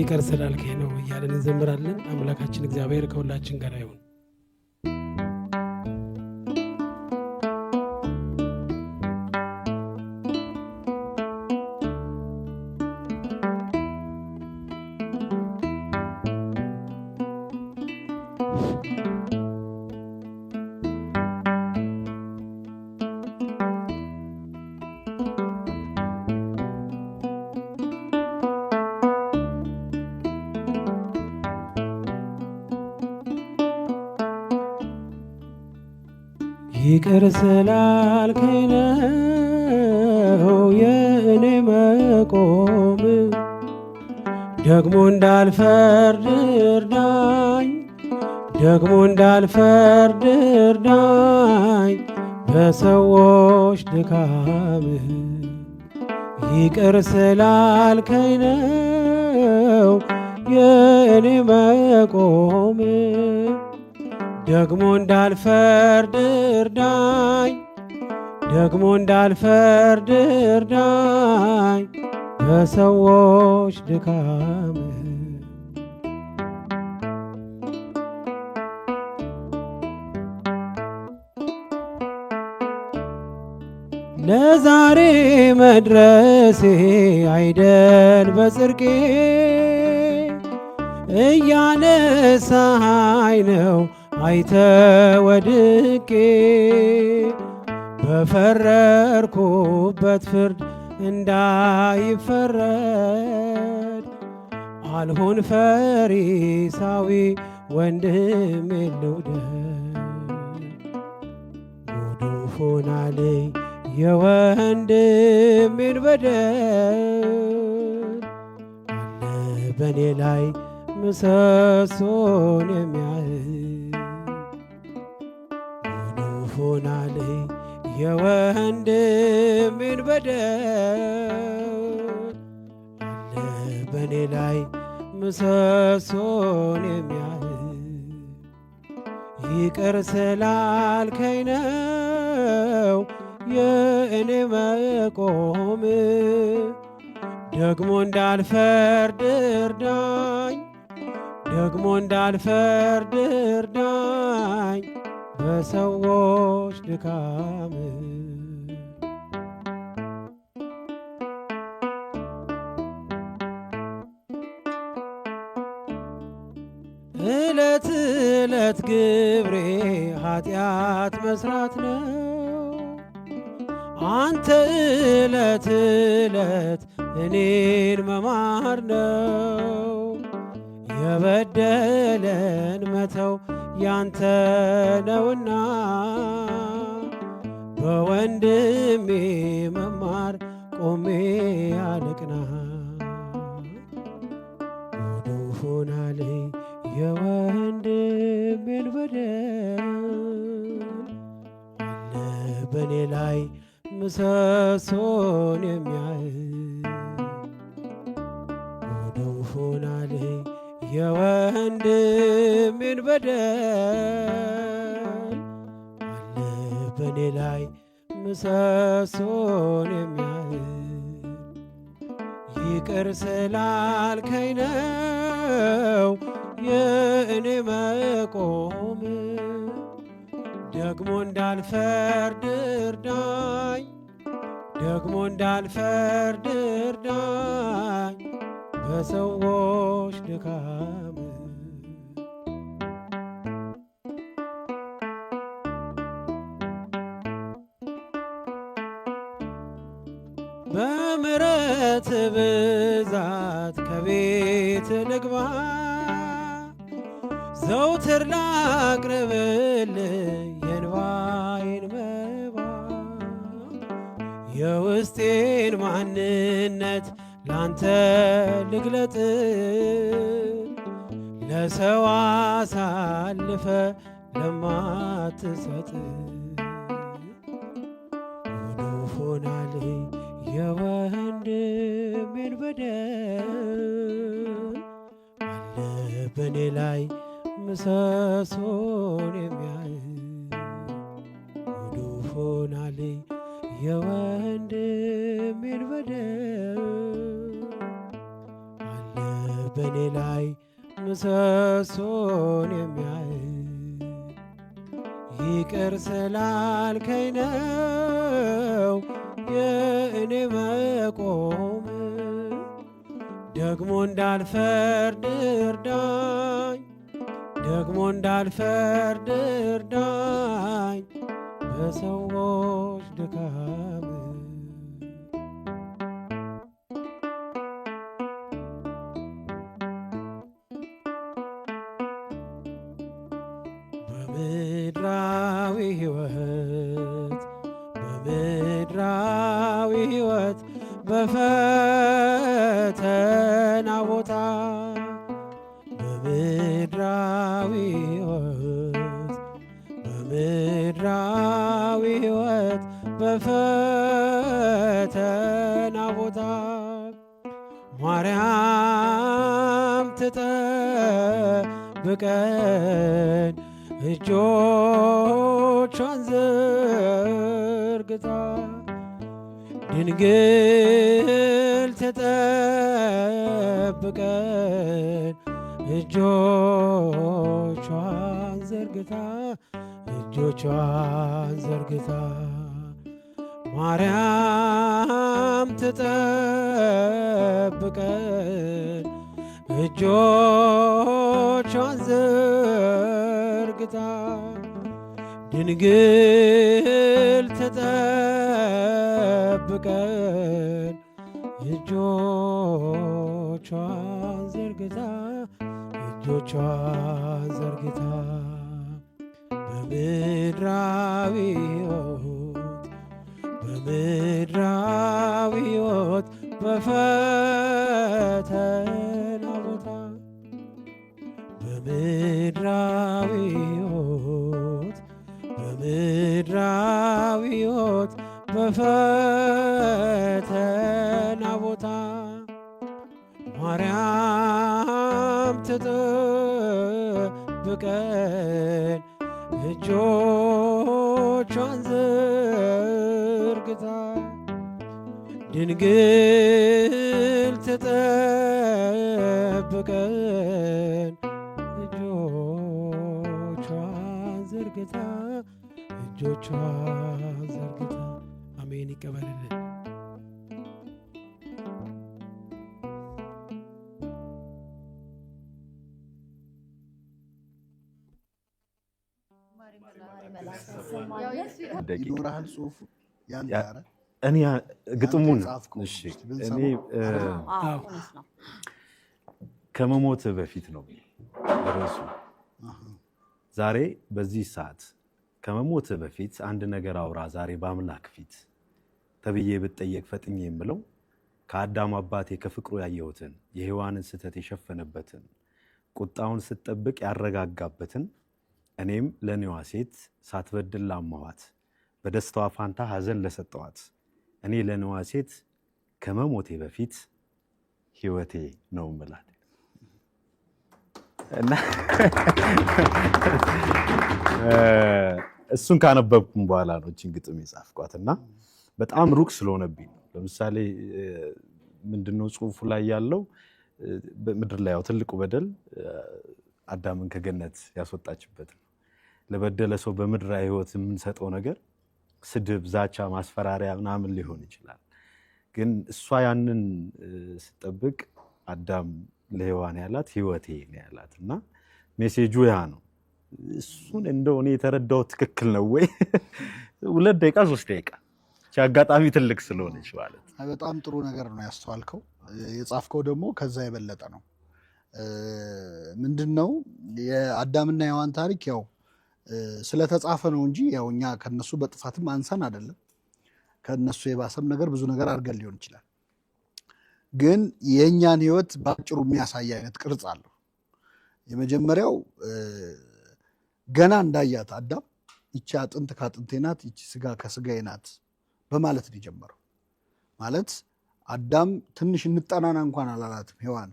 ይቅር ስላልከኝ ነው እያለን እንዘምራለን። አምላካችን እግዚአብሔር ከሁላችን ጋር ይሁን። ይቅር ስላልከኝ ነው የእኔ መቆም፣ ደግሞ እንዳልፈርድ እርዳኝ፣ ደግሞ እንዳልፈርድ እርዳኝ በሰዎች ድካም። ይቅር ስላልከኝ ነው የእኔ መቆም ደግሞ እንዳልፈርድ እርዳኝ፣ ደግሞ እንዳልፈርድ እርዳኝ በሰዎች ድካም ለዛሬ መድረሴ አይደል በጽድቄ እያነሳኸኝ ነው አይተ ወድቄ በፈረርኩበት ፍርድ እንዳይፈረድ አልሆን ፈሪሳዊ ወንድም ልውደድ ጉዱ ሆናል የወንድሜን በደል አለ በኔ ላይ ምሰሶን የሚያህል ይሆናል የወንድሜን በደል አለ በእኔ ላይ ምሰሶን የሚያህል ይቅር ስላልከኝ ነው የእኔ መቆም ደግሞ እንዳልፈርድ እርዳኝ ደግሞ እንዳልፈርድ በሰዎች ድካም እለት እለት ግብሬ ኃጢአት መስራት ነው። አንተ እለት እለት እኔን መማር ነው። የበደለን መተው ያንተ ነውና በወንድሜ መማር ቆሜ አለቅና ሙሉ ሆናል የወንድሜን በደል አለ ላይ ምሰሶን የሚያህል የወንድሜን በደል አለ በእኔ ላይ ምሰሶን የሚያህል ይቅር ስላልከኝ ነው የእኔ መቆም። ደግሞ እንዳልፈርድ እርዳኝ፣ ደግሞ እንዳልፈርድ እርዳኝ በሰዎች ድካም በምረት ብዛት ከቤት ልግባ ዘውትር ላቅርብል የንባይን መባ የውስጤን ማንነት ላንተ ልግለጥ ለሰው አሳልፈ ለማትሰጥ ሆኖ ሆናል የወንድሜን በደል አለ በኔ ላይ ምሰሶን የሚያይ ሆኖ ሆናል የወንድሜን በደል በእኔ ላይ ምሰሶን የሚያይ ይቅር ስላልከኝ ነው የእኔ መቆም። ደግሞ እንዳልፈርድ እርዳኝ፣ ደግሞ እንዳልፈርድ እርዳኝ በሰዎች ድካም በምድራዊ ሕይወት በምድራዊ ሕይወት በፈተና ቦታ በምድራዊ ሕይወት በምድራዊ ሕይወት በፈተና ቦታ ማርያም ትጠብቀን እጆቿን ዘርግታ ድንግል ተጠብቀን እጆቿን ዘርግታ እጆቿን ዘርግታ ማርያም ተጠብቀን እጆቿን ዘርግታ ተጠግታ ድንግል ተጠብቀን እጆቿን ዘርግታ እጆቿን ዘርግታ በምድራዊ ሕይወት በምድራዊ ሕይወት በፈ ቀን እጆቿን ዘርግታ ድንግል ትጠብቀን እጆቿን ዘርግታ እጆቿን ዘርግታ አሜን ይቀበልልን። ይኖርሃል ጽሁፉ እኔ ግጥሙን እኔ ከመሞት በፊት ነው ርዕሱ። ዛሬ በዚህ ሰዓት ከመሞት በፊት አንድ ነገር አውራ ዛሬ በአምላክ ፊት ተብዬ ብጠየቅ ፈጥኝ የምለው ከአዳም አባቴ ከፍቅሩ ያየሁትን የሔዋንን ስህተት የሸፈነበትን ቁጣውን ስትጠብቅ ያረጋጋበትን እኔም ለኔዋ ሴት ሳትበድል ላመኋት በደስታዋ ፋንታ ሐዘን ለሰጠዋት እኔ ለነዋ ሴት ከመሞቴ በፊት ህይወቴ ነው ምላት እና እሱን ካነበብኩም በኋላ ነው እችን ግጥም የጻፍኳት እና በጣም ሩቅ ስለሆነብኝ ነው። ለምሳሌ ምንድነው ጽሁፉ ላይ ያለው ምድር ላይ ያው ትልቁ በደል አዳምን ከገነት ያስወጣችበት ነው። ለበደለ ሰው በምድራዊ ህይወት የምንሰጠው ነገር ስድብ፣ ዛቻ፣ ማስፈራሪያ ምናምን ሊሆን ይችላል። ግን እሷ ያንን ስጠብቅ አዳም ለሔዋን ያላት ህይወቴ ነው ያላት እና ሜሴጁ ያ ነው። እሱን እንደው እኔ የተረዳው ትክክል ነው ወይ? ሁለት ደቂቃ ሶስት ደቂቃ አጋጣሚ ትልቅ ስለሆነች ማለት በጣም ጥሩ ነገር ነው ያስተዋልከው። የጻፍከው ደግሞ ከዛ የበለጠ ነው። ምንድን ነው የአዳምና የሔዋን ታሪክ ያው ስለተጻፈ ነው እንጂ ያው እኛ ከነሱ በጥፋትም አንሰን አይደለም። ከነሱ የባሰም ነገር ብዙ ነገር አድርገን ሊሆን ይችላል። ግን የእኛን ህይወት በአጭሩ የሚያሳይ አይነት ቅርጽ አለው። የመጀመሪያው ገና እንዳያት አዳም ይቺ አጥንት ከአጥንቴ ናት፣ ይቺ ስጋ ከስጋዬ ናት በማለት ነው የጀመረው። ማለት አዳም ትንሽ እንጠናና እንኳን አላላትም ሔዋን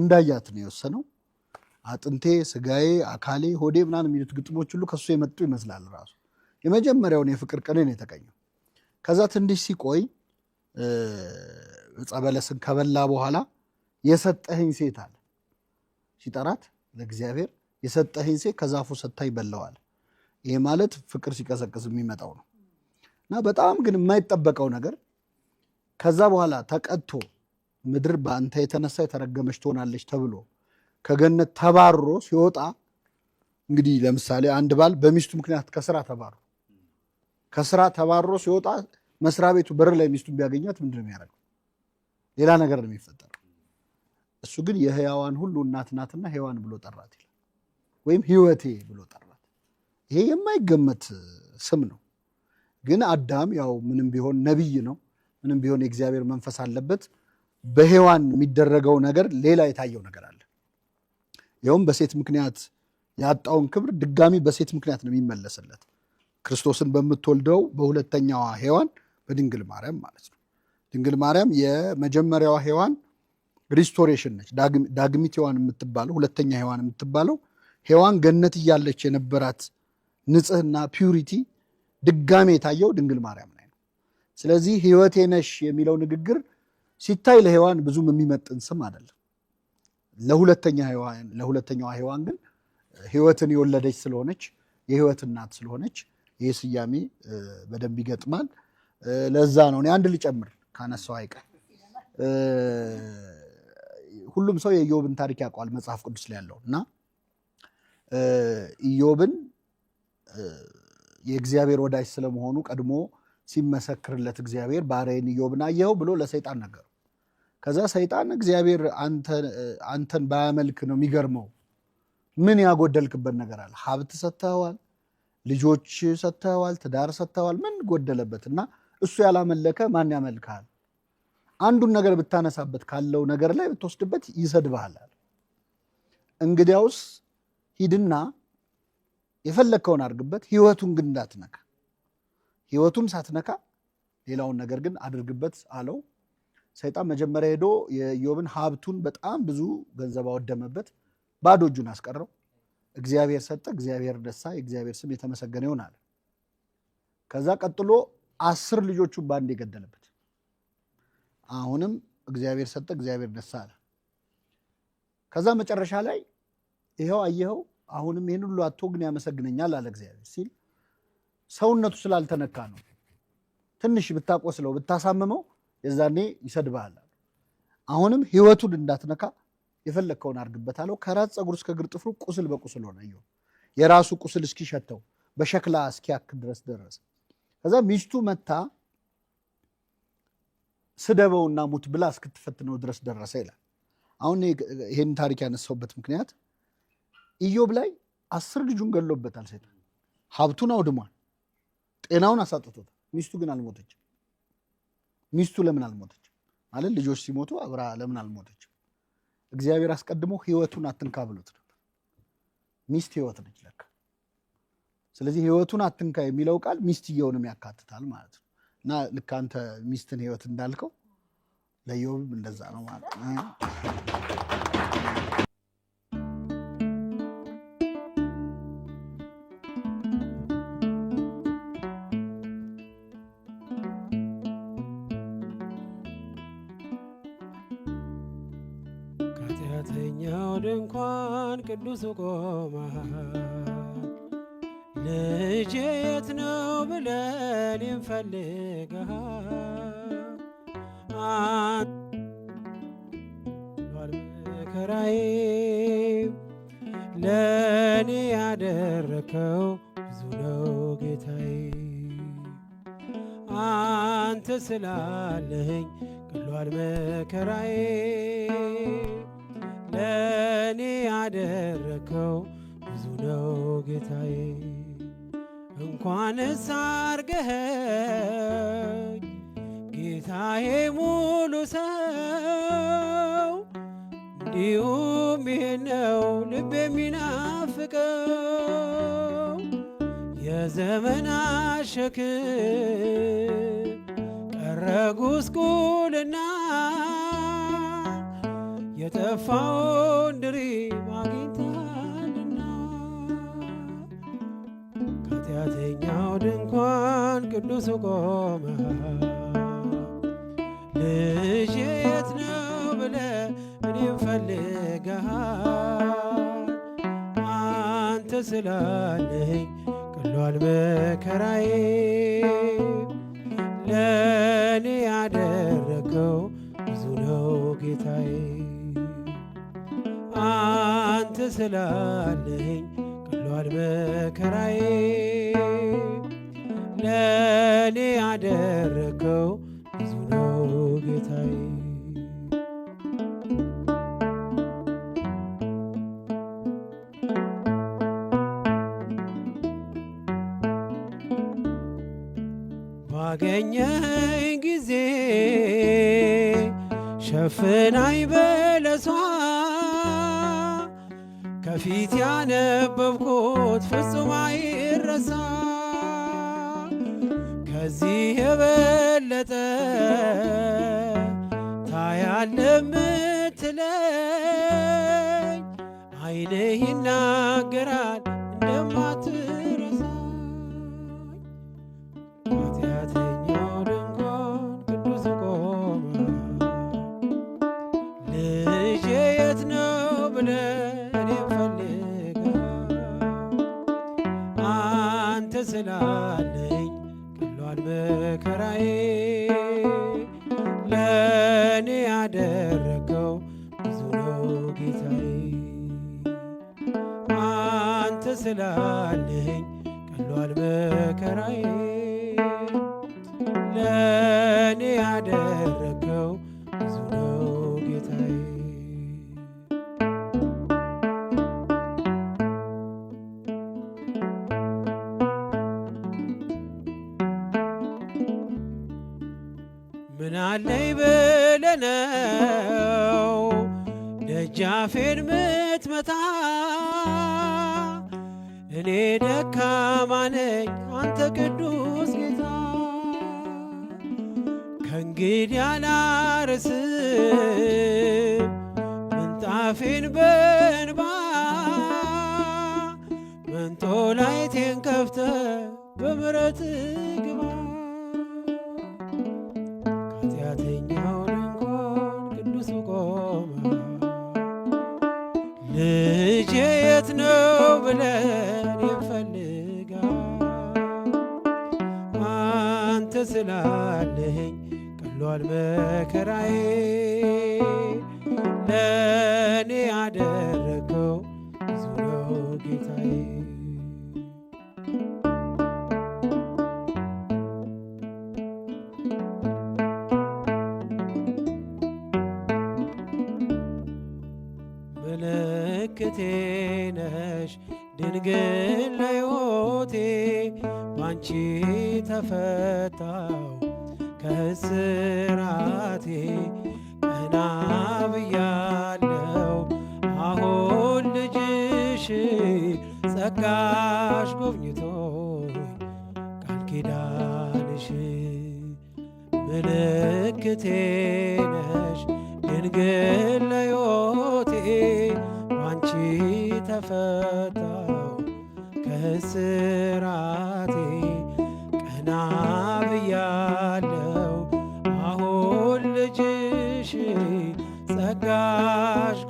እንዳያት ነው የወሰነው። አጥንቴ፣ ስጋዬ፣ አካሌ፣ ሆዴ ምናምን የሚሉት ግጥሞች ሁሉ ከሱ የመጡ ይመስላል። ራሱ የመጀመሪያውን የፍቅር ቅኔን የተቀኘው ከዛ ትንሽ ሲቆይ ዕፀ በለስን ከበላ በኋላ የሰጠህኝ ሴት አለ ሲጠራት ለእግዚአብሔር የሰጠህኝ ሴት ከዛፉ ሰታ በለዋል። ይሄ ማለት ፍቅር ሲቀሰቅስ የሚመጣው ነው እና በጣም ግን የማይጠበቀው ነገር ከዛ በኋላ ተቀጥቶ ምድር በአንተ የተነሳ የተረገመች ትሆናለች ተብሎ ከገነት ተባሮ ሲወጣ እንግዲህ ለምሳሌ አንድ ባል በሚስቱ ምክንያት ከስራ ተባሮ ከስራ ተባሮ ሲወጣ መስሪያ ቤቱ በር ላይ ሚስቱን ቢያገኛት ምንድን ነው የሚያደርገው? ሌላ ነገር ነው የሚፈጠረው። እሱ ግን የህያዋን ሁሉ እናት ናትና ሔዋን ብሎ ጠራት ይላል፣ ወይም ህይወቴ ብሎ ጠራት። ይሄ የማይገመት ስም ነው። ግን አዳም ያው ምንም ቢሆን ነቢይ ነው፣ ምንም ቢሆን የእግዚአብሔር መንፈስ አለበት። በሔዋን የሚደረገው ነገር ሌላ የታየው ነገር አለ። ይኸውም በሴት ምክንያት ያጣውን ክብር ድጋሚ በሴት ምክንያት ነው የሚመለስለት። ክርስቶስን በምትወልደው በሁለተኛዋ ሔዋን በድንግል ማርያም ማለት ነው። ድንግል ማርያም የመጀመሪያዋ ሔዋን ሪስቶሬሽን ነች። ዳግሚት ሔዋን የምትባለው ሁለተኛ ሔዋን የምትባለው ሔዋን ገነት እያለች የነበራት ንጽህና ፒውሪቲ ድጋሜ የታየው ድንግል ማርያም ላይ ነው። ስለዚህ ሕይወቴ ነሽ የሚለው ንግግር ሲታይ ለሔዋን ብዙም የሚመጥን ስም አይደለም። ለሁለተኛ ሔዋን ለሁለተኛዋ ሔዋን ግን ህይወትን የወለደች ስለሆነች የህይወት እናት ስለሆነች ይህ ስያሜ በደንብ ይገጥማል። ለዛ ነው እኔ አንድ ልጨምር ካነሳው አይቀር ሁሉም ሰው የኢዮብን ታሪክ ያውቀዋል መጽሐፍ ቅዱስ ላይ ያለው እና ኢዮብን የእግዚአብሔር ወዳጅ ስለመሆኑ ቀድሞ ሲመሰክርለት እግዚአብሔር ባሪያዬን ኢዮብን አየኸው ብሎ ለሰይጣን ነገረው። ከዛ ሰይጣን እግዚአብሔር አንተን ባያመልክ ነው የሚገርመው። ምን ያጎደልክበት ነገር አለ? ሀብት ሰጥተዋል፣ ልጆች ሰተዋል ትዳር ሰተዋል ምን ጎደለበት? እና እሱ ያላመለከ ማን ያመልካል? አንዱን ነገር ብታነሳበት ካለው ነገር ላይ ብትወስድበት ይሰድብሃል። እንግዲያውስ ሂድና የፈለግከውን አድርግበት፣ ህይወቱን ግን እንዳትነካ። ህይወቱም ሳትነካ ሌላውን ነገር ግን አድርግበት አለው። ሰይጣን መጀመሪያ ሄዶ የኢዮብን ሀብቱን በጣም ብዙ ገንዘብ አወደመበት፣ ባዶ እጁን አስቀረው። እግዚአብሔር ሰጠ፣ እግዚአብሔር ደሳ፣ የእግዚአብሔር ስም የተመሰገነ ይሆን አለ። ከዛ ቀጥሎ አስር ልጆቹን በአንድ የገደለበት። አሁንም እግዚአብሔር ሰጠ፣ እግዚአብሔር ደሳ አለ። ከዛ መጨረሻ ላይ ይኸው አየኸው፣ አሁንም ይህን ሁሉ አቶ ግን ያመሰግነኛል አለ እግዚአብሔር ሲል ሰውነቱ ስላልተነካ ነው። ትንሽ ብታቆስለው ብታሳምመው የዛኔ ይሰድብሃል። አሁንም ህይወቱን እንዳትነካ የፈለግከውን አድርግበት አለው። ከራስ ፀጉር እስከ እግር ጥፍሩ ቁስል በቁስል ሆነ። የራሱ ቁስል እስኪሸተው በሸክላ እስኪያክል ድረስ ደረሰ። ከዛ ሚስቱ መታ ስደበውና ሙት ብላ እስክትፈትነው ድረስ ደረሰ ይላል። አሁን ይህን ታሪክ ያነሳውበት ምክንያት ኢዮብ ላይ አስር ልጁን ገሎበታል ሴጣን ሀብቱን አውድሟል፣ ጤናውን አሳጥቶታል። ሚስቱ ግን አልሞተችም። ሚስቱ ለምን አልሞተችም? ማለት ልጆች ሲሞቱ አብራ ለምን አልሞተችም? እግዚአብሔር አስቀድሞ ህይወቱን አትንካ ብሎት ነበር። ሚስት ህይወት ነች ለካ። ስለዚህ ህይወቱን አትንካ የሚለው ቃል ሚስትየውንም ያካትታል ማለት ነው። እና ልክ አንተ ሚስትን ህይወት እንዳልከው ለኢዮብም እንደዛ ነው ማለት ነው። ብዙ ቆመሃል ልጄ የት ነው ብለን እንፈልግሃል መከራዬ ለእኔ ያደረከው ብዙ ነው ጌታዬ አንተ ስላለኝ መከራዬ ለእኔ ያደረከው ብዙ ነው ጌታዬ። እንኳንስ አርገኸኝ ጌታዬ ሙሉ ሰው እንዲሁም ይሄ ነው ልብ የሚናፍቀው የዘመና ሸክም ቀረ ጉስቁልና የጠፋውን ድሪብ አግኝታልና ከኃጢአተኛው ድንኳን ቅዱሱ ቆመ የት ነው ብለ እኔም ፈልገሃል አንተ ስላለኝ ቀሏል መከራዬ ለእኔ ያደረገው ብዙ ነው ጌታዬ ስላለኝ ቀሏል መከራዬ ለኔ ፍጹም አይረሳ ከዚህ የበለጠ ታያለ ምትለኝ አይንህ ይናገራል እኔ ደካማ ነኝ አንተ ቅዱስ ጌታ ከእንግዲህ አላርስም ምንጣፌን በእንባ መንጦላይቴን ከፍተህ በምሕረትህ ግባ ከኃጢአተኛው ድንኳን ቅዱሱ ቆመ ልጄ የት ነው ብለህ ያለኝ ቀሏል መከራዬ ለእኔ ያደረገው ብዙ ነው ጌታዬ ምልክቴ ነሽ ድንግል ባንቺ ተፈታው ከስራቴ ቀና ብያለው አሁን ልጅሽ ጸጋሽ ጎብኝቶኝ ቃል ኪዳንሽ ምልክቴ ነሽ ድንግል ለዮቴ ባንቺ ተፈታው ከስራቴ ገና ብያለው አሁን ልጅሽ ጸጋሽ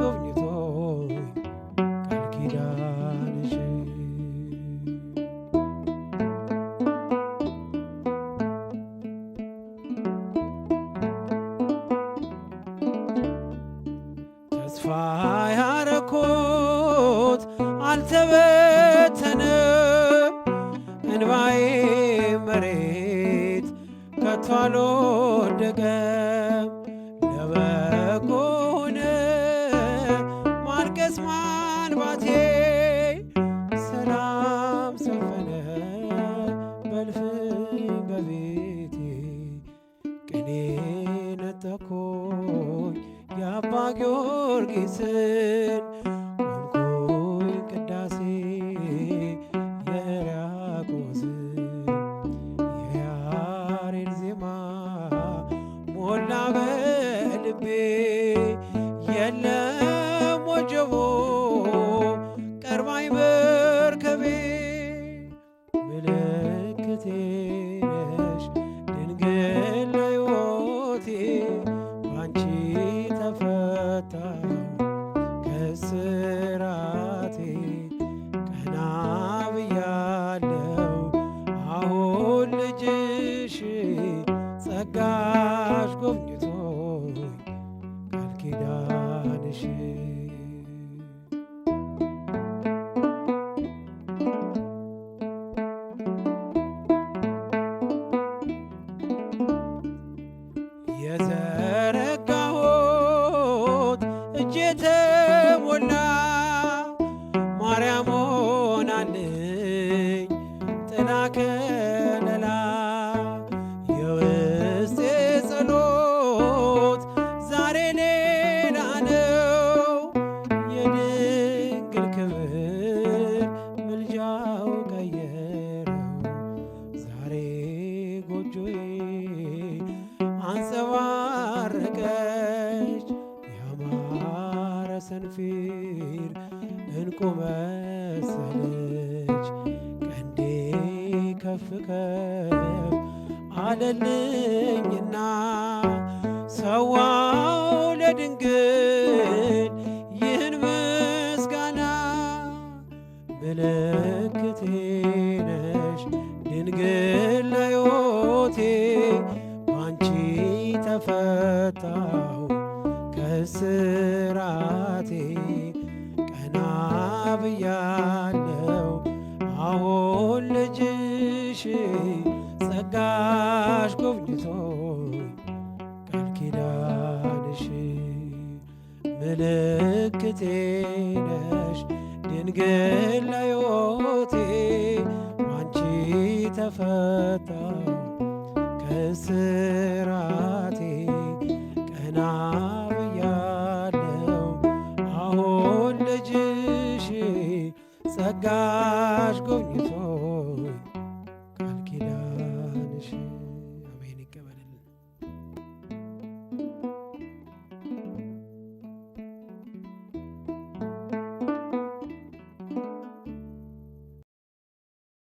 ሰፊር እንቁ መሰለች ቀንዴ ከፍ ከፍ አለልኝና ሰዋው ለድንግል ይህን ምስጋና ምልክቴ ነሽ ድንግል ለዮቴ ባንቺ ተፈታሁ ከስራ ስራሽ ጎብኝቶ ቃል ኪዳንሽ ምልክቴ ነሽ ድንግል ሕይወቴ አንቺ ተፈታ ከስራቴ ቀና ብያለው አሁን ልጅሽ ጸጋሽ ጎብኝቶ